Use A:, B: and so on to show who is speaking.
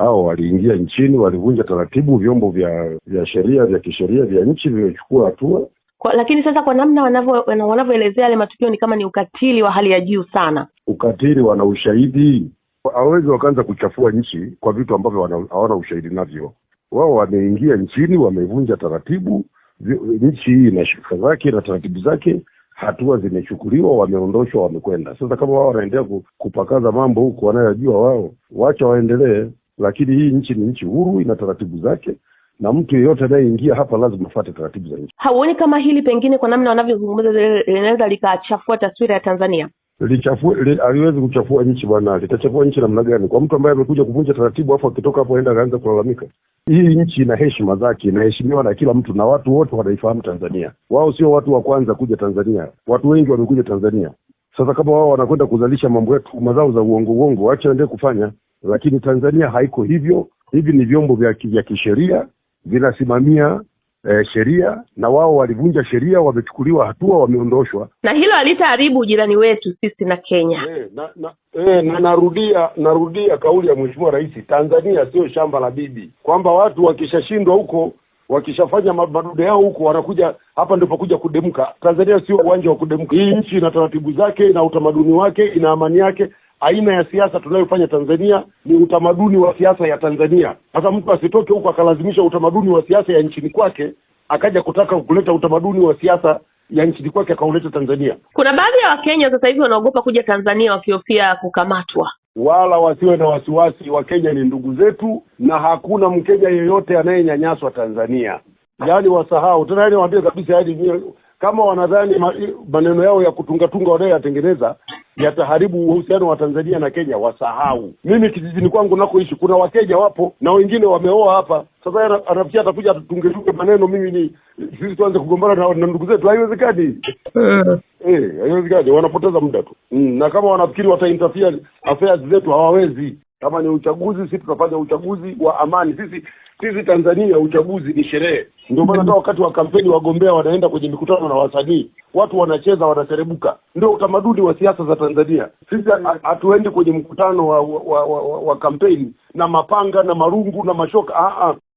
A: hao waliingia nchini, walivunja taratibu, vyombo vya vya sheria vya kisheria vya nchi vimechukua hatua
B: kwa, lakini sasa kwa namna wanavyoelezea yale matukio ni kama ni ukatili wa hali ya juu sana.
A: Ukatili, wana ushahidi, hawawezi wakaanza kuchafua nchi kwa vitu ambavyo hawana ushahidi navyo. Wao wameingia nchini, wamevunja taratibu, nchi hii ina shirika zake na taratibu zake, hatua zimechukuliwa, wameondoshwa, wamekwenda. Sasa kama wao wanaendelea kupakaza mambo huku wanayojua wao, wacha waendelee lakini hii nchi ni nchi huru, ina taratibu zake na mtu yeyote anayeingia hapa lazima afuate taratibu za nchi.
B: Hauoni kama hili pengine kwa namna wanavyozungumza linaweza likachafua taswira ya Tanzania?
A: Lichafue li, aliwezi kuchafua nchi bwana. Litachafua nchi namna gani? Kwa mtu ambaye amekuja kuvunja taratibu, afu akitoka hapo aenda akaanza kulalamika. Hii nchi ina heshima zake, inaheshimiwa na kila mtu na watu wote wanaifahamu Tanzania. Wao sio watu wa kwanza kuja Tanzania, watu wengi wamekuja Tanzania. Sasa kama wao wanakwenda kuzalisha mambo yetu, mazao za uongo uongo, wacha waendelee kufanya lakini Tanzania haiko hivyo. Hivi ni vyombo vya kisheria vinasimamia eh, sheria na wao walivunja sheria, wamechukuliwa hatua, wameondoshwa,
B: na hilo halitaharibu ujirani wetu sisi na Kenya.
A: E, na, na, e, na narudia narudia kauli ya Mheshimiwa Rais, Tanzania sio shamba la bibi, kwamba watu wakishashindwa huko wakishafanya madude yao huko wanakuja hapa ndipo kuja kudemka. Tanzania sio uwanja wa kudemka. Hii nchi ina taratibu zake, ina utamaduni wake, ina amani yake, aina ya siasa tunayofanya Tanzania ni utamaduni wa siasa ya Tanzania. Sasa mtu asitoke huko akalazimisha utamaduni wa siasa ya nchini kwake akaja kutaka kuleta utamaduni wa siasa ya nchini kwake akauleta Tanzania.
B: Kuna baadhi ya Wakenya sasa hivi wanaogopa kuja Tanzania wakihofia kukamatwa.
A: Wala wasiwe na wasiwasi, Wakenya ni ndugu zetu na hakuna Mkenya yeyote anayenyanyaswa Tanzania. Yaani wasahau tena, yaani waambie kabisa, yaani kama wanadhani maneno yao ya kutungatunga wanayoyatengeneza yataharibu uhusiano wa Tanzania na Kenya, wasahau. Mimi kijijini kwangu nakoishi kuna Wakenya wapo na wengine wameoa hapa. Sasa anafikia atakuja tutungetuke maneno, mimi ni sisi tuanze kugombana na, na ndugu zetu, haiwezekani eh. Eh, haiwezekani. wanapoteza muda tu mm, na kama wanafikiri wataintafia affairs zetu hawawezi kama ni uchaguzi, sisi tunafanya uchaguzi wa amani. Sisi sisi Tanzania uchaguzi ni sherehe, ndio maana hata wakati wa kampeni wagombea wanaenda kwenye mikutano na wasanii, watu wanacheza, wanaserebuka Ndio utamaduni wa siasa za Tanzania. Sisi hatuendi kwenye mkutano wa, wa, wa, wa, wa kampeni na mapanga na marungu na mashoka. Aa. Ah, ah.